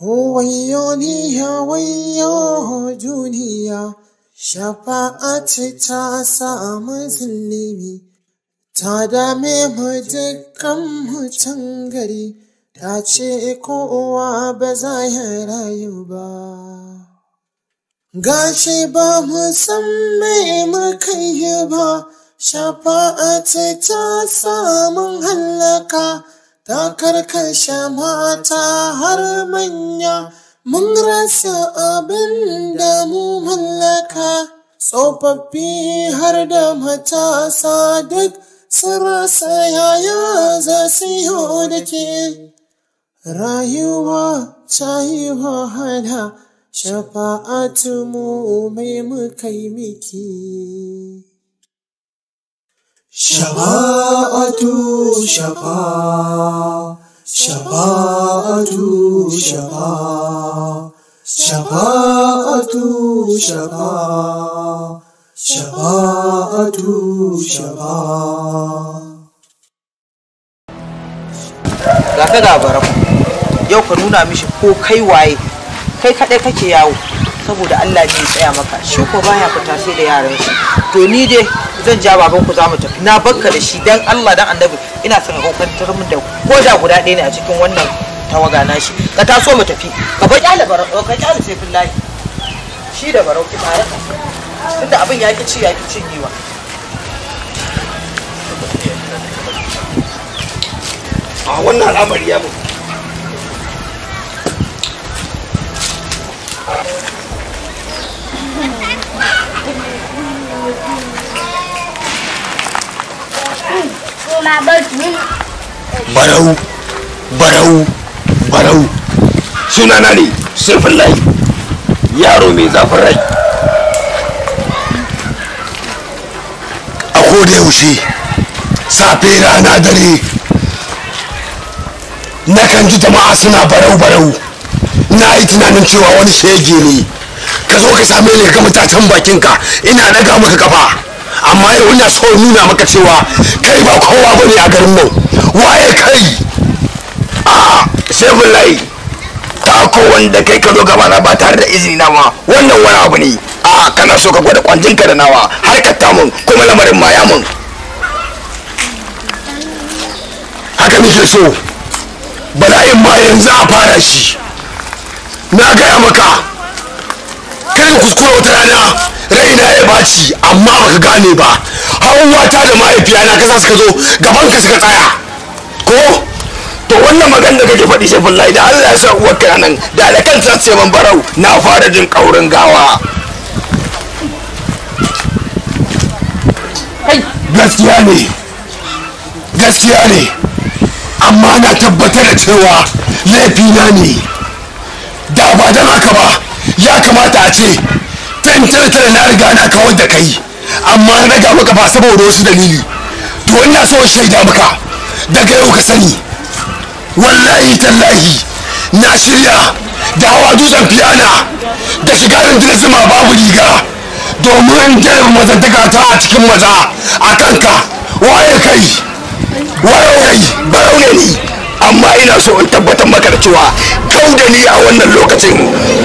Huwayo ni hawayo duniya, shafa'a ce ta samu zulumi, ta dame mu dukkan mutum gari, ta ce kowa ba za ya rayu ba. Gashi ba mu san me muka yi ba, shafa'a ce ta samun hallaka. ta karkashe mata har manya mun rasa abin da mu mallaka tsofaffi har da matasa duk sun rasa yaya za su yi da ke rayuwa ta yi wahala shafa'atu mu mai mukai miki shafa'atu shafa shafa'atu shafa shafa'atu shafa shafa'atu shafa ga ka ga yau ka nuna mishi ko kai waye kai kaɗai kake yawo saboda Allah ne ya tsaya maka shi ko baya fita sai da yaran shi to ni dai zan ja baban ku zamu tafi na barka da shi dan Allah dan annabi ina son ka kwantar min da ko da guda ɗaya ne a cikin wannan tawaga na shi ka taso mu tafi ka bar kyale barau ka kyale sai billahi shi da barau ki tare tunda abin ya ki ci ya ki giwa a wannan al'amari ya mu barau barau barau sunana ne sifin lai yaro mai zafin rai a koda yaushe safe rana dare nakan ji jama'a suna barau-barau na yi tunanin cewa wani shege ne ka zo ka same ni ka gama bakinka ina daga maka kafa amma yau ina so nuna maka cewa kai ba kowa bane a garin mu waye kai a sai layi ko wanda kai ka zo gaba na ba tare da izini na ma wannan wani abu ne a kana so ka gwada ka da nawa har ka mun kuma lamarin ma ya mun haka nake so bala'in ma yanzu a fara shi na gaya maka zan kuskure wata rana raina ya baci amma baka gane ba ta da mahaifiya mahaifiyana kasa suka zo gaban ka suka tsaya ko to wannan magana da kake faɗi sai wallahi da Allah ya sa uwar kananan nan da da kan sai man barau na fara jin kaurin gawa gaskiya ne gaskiya ne amma na tabbatar da cewa laifina ne da ba don haka ba ya kamata a ce fim na riga na kawar da kai amma na raga maka ba saboda wasu dalili to ina so shaida maka daga yau ka sani wallahi tallahi na shirya da hawa dutsen fiyana da shiga jirgin zuma babu riga domin jarabin mazantaka ta a cikin maza a kanka waye kai waye kai barau ne ni amma ina so in tabbatar maka da cewa kau da ni a wannan lokacin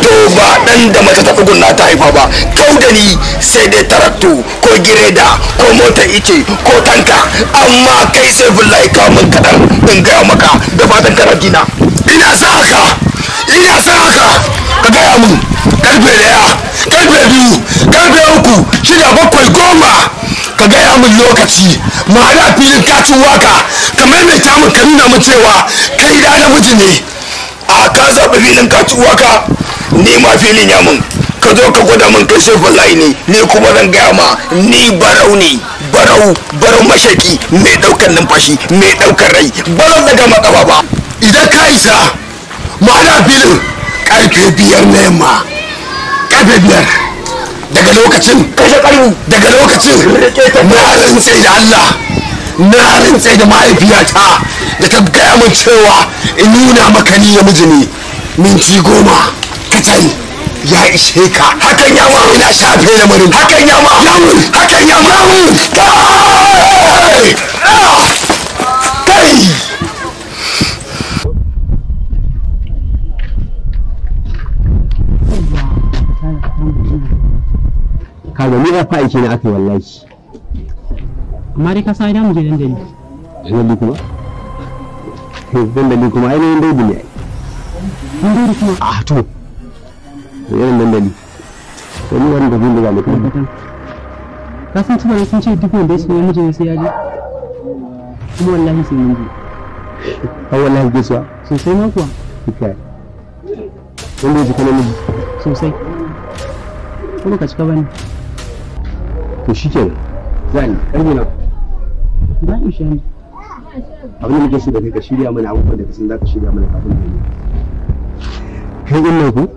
to ba dan da mace ta tsugunna ta haifa ba kau da ni sai dai taraktu ko gireda ko mota ice ko tanka amma kai sai billahi ka mun kadan in gaya maka da fatan karaji na ina sa haka ina sa haka ka gaya mun karfe daya karfe biyu karfe uku shida bakwai goma ka gaya min lokaci ma'ana filin kacin waka ka maimaita min ka nuna min cewa kai da namiji ne a ka zaɓi filin kacin waka ni ma filin ya mun ka zo ka gwada min kai shefin layi ne ni kuma zan gaya ma ni barau ne barau barau mashaki mai ɗaukar numfashi mai ɗaukar rai barau daga makaba ba idan ka isa ma'ana filin karfe biyar na yamma karfe biyar daga lokacin kashe daga lokacin na rantse da Allah na rantse da mahaifiyata da ta gaya min cewa in nuna maka ni miji ne minti goma kacal ya ishe ka hakan ya ma ina shafe lamarin hakan ya ma hakan ya ma kai kai kaga ni ai fa'ice na aka wallahi amma dai ka san idan mu je dandali dandali kuma eh, dandali kuma ainihin dandali ne dandali kuma a ah, to irin dandali to ni wani dabin da ba mutum ka san tuba sun ce duk wanda ya so mijin sai ya je kuma wallahi sai mun je a wallahi gaisuwa sosai ma kuwa kai wanda ya ji kana miji sosai kuma ka cika bane to shi ke za ni ƙarfi na za ni shi abin da muke so da kai ka shirya mana abubuwan da ka san za ka shirya mana kafin da ne kai ina ku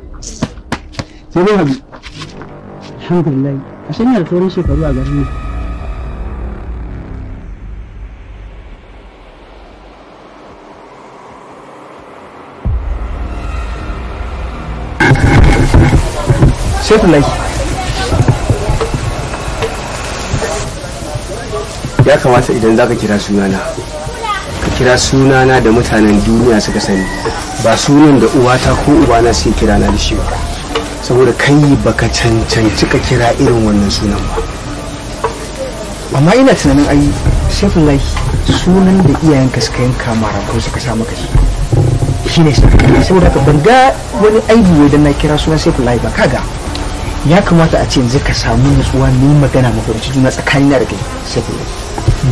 sai dai hazu alhamdulillah a shanya da sauran shekaru a garin nan Shekul Lai. ya kamata idan za ka kira sunana ka kira sunana da mutanen duniya suka sani ba sunan da uwata ko ubana suke kira na da shi ba saboda kai baka cancanci ka kira irin wannan sunan ba amma ina tunanin ai shafin lai sunan da iyayenka suka yanka mara ko suka sa maka shi shine saboda ka ban ga wani aibi idan na kira sunan shafin lai ba kaga ya kamata a ce yanzu ka samu nutsuwa ni magana mafarci juna tsakanin da kai sai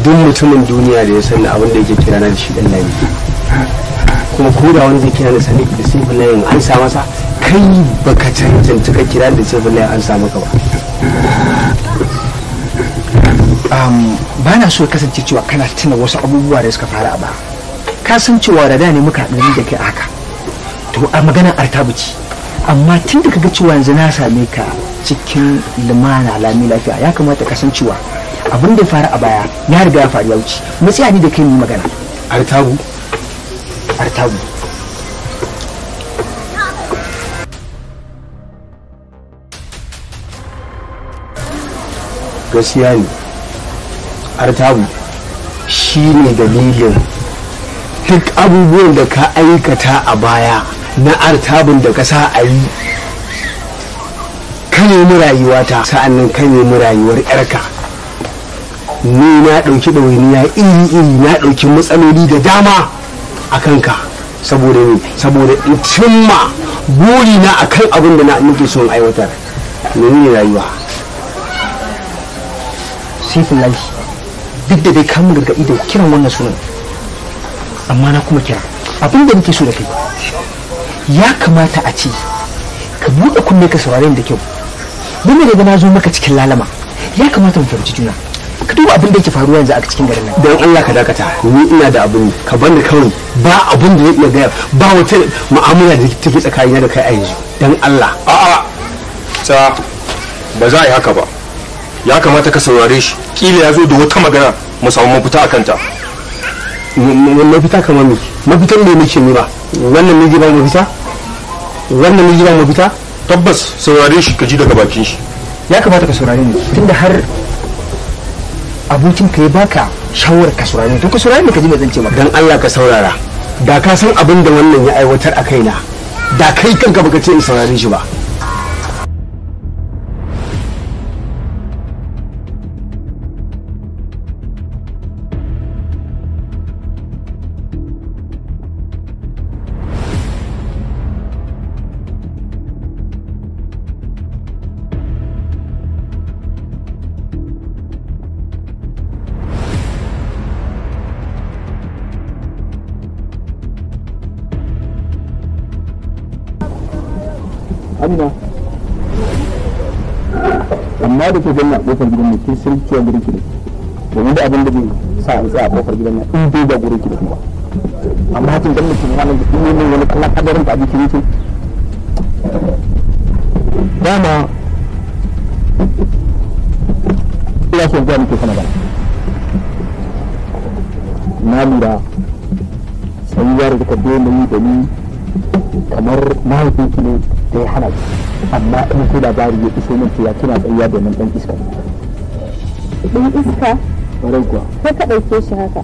duk mutumin duniya da ya sani abin da yake kira na da shi dan nami kuma ko da wanda kira da sani da sai layin an sa masa kai baka cancanta ka kira da sai an sa maka ba ba na so kasance cewa kana tuna wasu abubuwa da suka fara a ba ka san cewa da da ne muka haɗu da kai haka to a magana artabuci amma tun da kaga cewa yanzu na same ka cikin lumana lami lafiya ya kamata ka san cewa abin da ya faru a baya ya riga ya faru ya wuce da kai mu magana artabu artabu gaskiya ne artabu shi ne dalilin duk abubuwan da ka aikata a baya na artabin da kasa a yi ka nemi rayuwata sa'annan ka nemi rayuwar yarka ni na ɗauki ɗawainiya iri-iri na ɗauki matsaloli da dama a kanka saboda ne saboda in cimma na a kan abin da na nufi son aiwatar nemi rayuwa sifin lalhi duk da dai kamun gargaɗi da kiran wannan sunan amma na kuma kira abin da nake so da kai ya kamata a ce ka buɗe kunne ka saurare da kyau don me daga na zo maka cikin lalama ya kamata mu fahimci juna ka duba abin da yake faruwa yanzu a cikin garin nan don Allah ka dakata ni ina da abin ka bani kawai ba abin da yake gaya ba wata mu'amala da tafi tsakanina da kai a yanzu don Allah a'a ta ba za a yi haka ba ya kamata ka saurare shi kila ya zo da wata magana mu samu mafita a kanta mafita kamar ni mafitan ne muke nuna wannan miji ba mafita wannan miji ba mafita tabbas saurare shi ka ji daga bakin shi ya kamata ka saurare ni tunda har abokin ka ya baka shawarar ka saurare to ka saurare ka ji mai zance ce maka dan Allah ka saurara da ka san abin da wannan ya aiwatar a kaina da kai kanka baka ce in saurare shi ba amma da ke ganna kofar gidan mu kin san cewa gurin ki domin da abin da zai sa an tsaya kofar gidan nan in dai da gurin kiri kuma amma hakin dan mutum ya nan da kuma ne wani kallon kadarin da abin kiri dama so ba na lura sanyar da ka dole ni da ni kamar mahaifinki ne da ya hana amma kuma sai labari ya iso min cewa kina tsayya domin dan iska dan iska ƙwarai kuwa ko ka ɗauke shi haka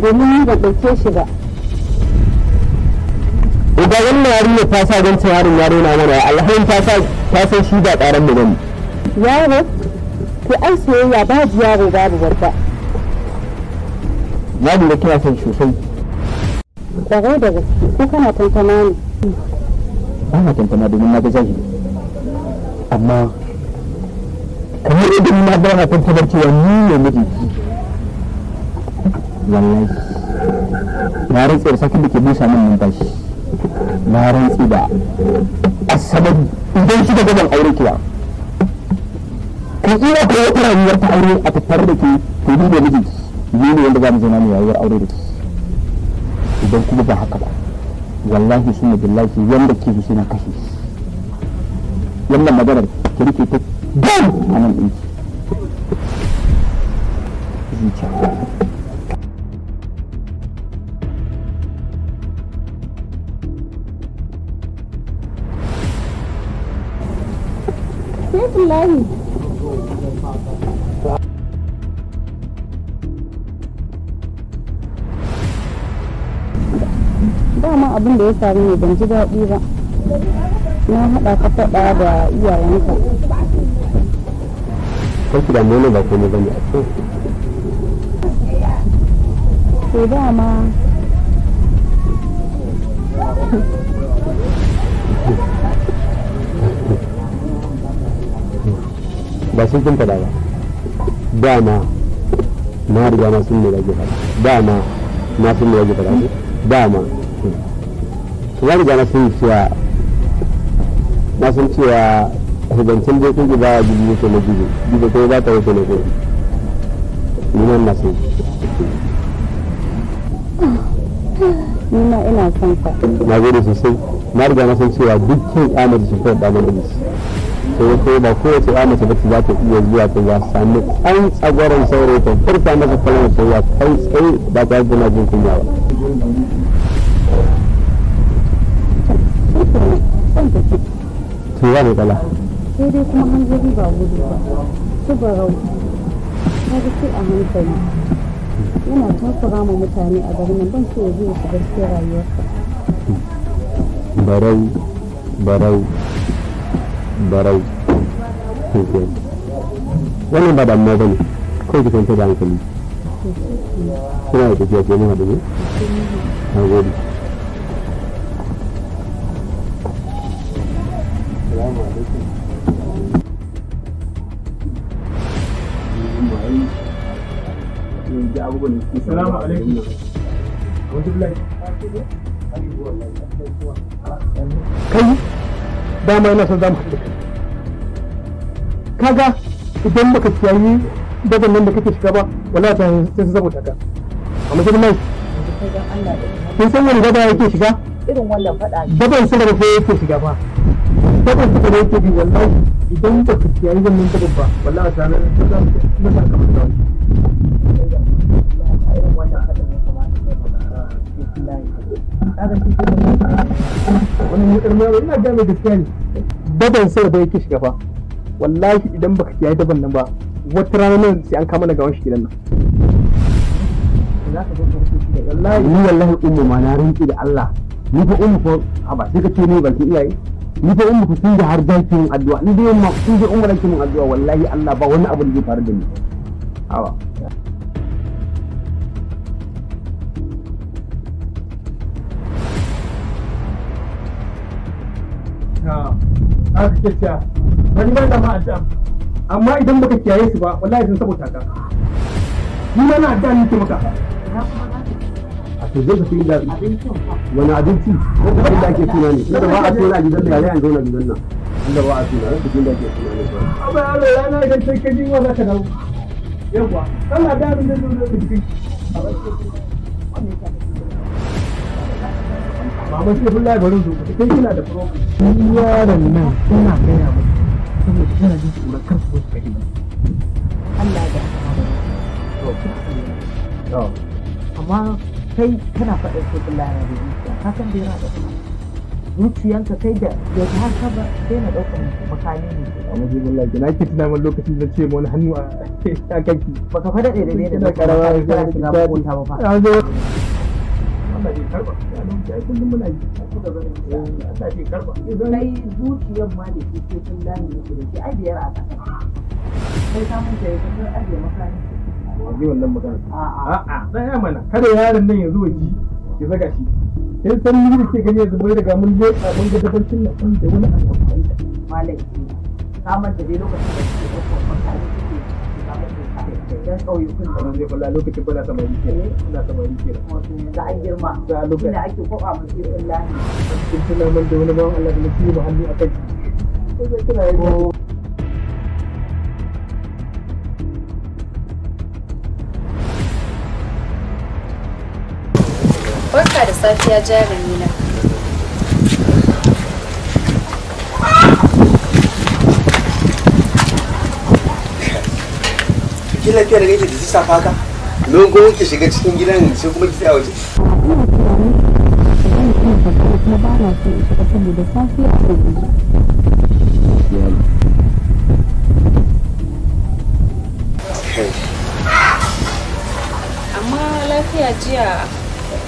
domin ni ban ɗauke shi ba idan wannan yarinya ta sa don yarin ya nuna mana alhain ta san shi ba ƙaran mu bane yaro ko ai soyayya babu yaro babu babba na lura kina son sosai kwarai da gaske ko kana tantama ne ba na tantama domin na ga zahiri amma kamar yadda na ba na tantamar cewa ni ne mijinki wallahi na rantsi da sakin da ke busa min numfashi na rantsi da asabar idan shi da gaban aure kiwa kan iya ko wata rayuwar ta aure a tattare da ke ni ne wanda za mu aure da ke idan kuma ba haka ba wallahi shi ne billahi wanda ke zuci na kashe wannan maganar ta rike ta gam a nan ɗin zuciya Sai billahi abin da ya faru ne ban ji daɗi ba na haɗa ka faɗa da iyayenka da mu ne ba komai bane a dama ba sun kin ba dama na riga na dama na sun ne dama ya riga na sun cewa na sun cewa hubancin da kun ba jibi yake na jibi jibi kuma ba ta wuce na jibi neman na sun nima ina son ka na gode sosai na riga na san cewa dukkan su shi kawai damar ibis sai ya kai ba kowace amince ba za ta iya zuwa ta za sami an tsagoron saurayi ta furta masa kalmar ta ya kai tsaye ba ta yi jin kunya ba kan take to ya ne sai dai kuma hanzari ba gudu ba su ga a hankali yana takura ma mutane a garin nan ban so rayuwarsa barau barau barau wannan ba damuwa ba ne kawai ki da hankali da tafiya ke ne gode Assalamu alaikum. Kai dama yana son zamu haɗu Kaga idan baka kiyaye daga nan da kake shiga ba wala ta sai saboda ka. A matsayin mai. Kin san wani gaba yake shiga? Irin wannan faɗa. Gaban sun da yake shiga ba. tabbas suka da yake bi wallahi idan ba ka kiyaye tabbas ba wallahi nan ta za ta sakamakon wani daban sai bai ki shiga ba idan baka kiyaye daban nan ba wata rana nan sai an kama na shi ni wallahi ma na da Allah ni fa ummu fa haba ni fa in ku kunga har za ki addu'a ni dai ma kun je umara ki mun addu'a wallahi Allah ba wani abu da zai faru da ni awa aka ke cewa bari ba da amma idan baka kiyaye su ba wallahi sun saboda ka ni ma na addu'a ke maka to zai ka fili da wani abinci abin da ake tuna ne da ba a tuna a gidan da yayin zauna gidan nan inda ba a tuna da gidan da ake tuna ne ba amma Allah ya na ga sai ka ji wa zaka dawo yawa da abin da zai zo Mama barin kai kina da problem yaron nan ina gaya maka saboda kana jin tsoron kar ka Allah ya ga amma kai kana faɗin sai Allah yana da zuciya ka san da da kuma zuciyanka kai da ya ta ba. sai na ɗaukar makami ne a wajen wallahi na ke tuna min lokacin da ce ma wani hannu a kanki baka faɗa ɗaya da ɗaya da karawa ya kana shiga makonta ba fa kai zuciyan ma da ke sun lami da ke ajiyar a ƙasa kai samun da ya kasar ajiye makarantar zai wannan magana a'a tsaya mana kada yaron nan ya zo ji ya zaga shi sai san mu ke gani yanzu bai daga mun je a mun ga dabancin nan kun da wani al'amari malai kamar da dai lokacin da ke ɗaukar mutane suke dan ƙauyukun da zai kula lokacin bala samari ke bala samari ke da an girma da lokacin da ake kwaba musu yin lahi kun tuna mun da wani bawan Allah da mutum muhalli a kai ko barka da safiya jarumi na ki lafiya da kake da su safa ka don kuma ke shiga cikin gidan sai kuma ki tsaya waje amma lafiya jiya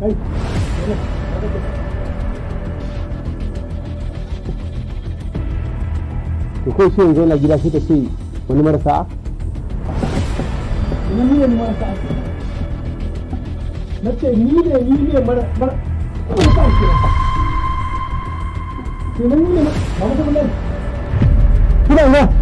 to kai shi yanzu na gida shi ta ce wani marasa ina ni ne ni marasa na ce ni ne ni ne mara mara marasa ke ke ni ne ba mutum ne kuna ina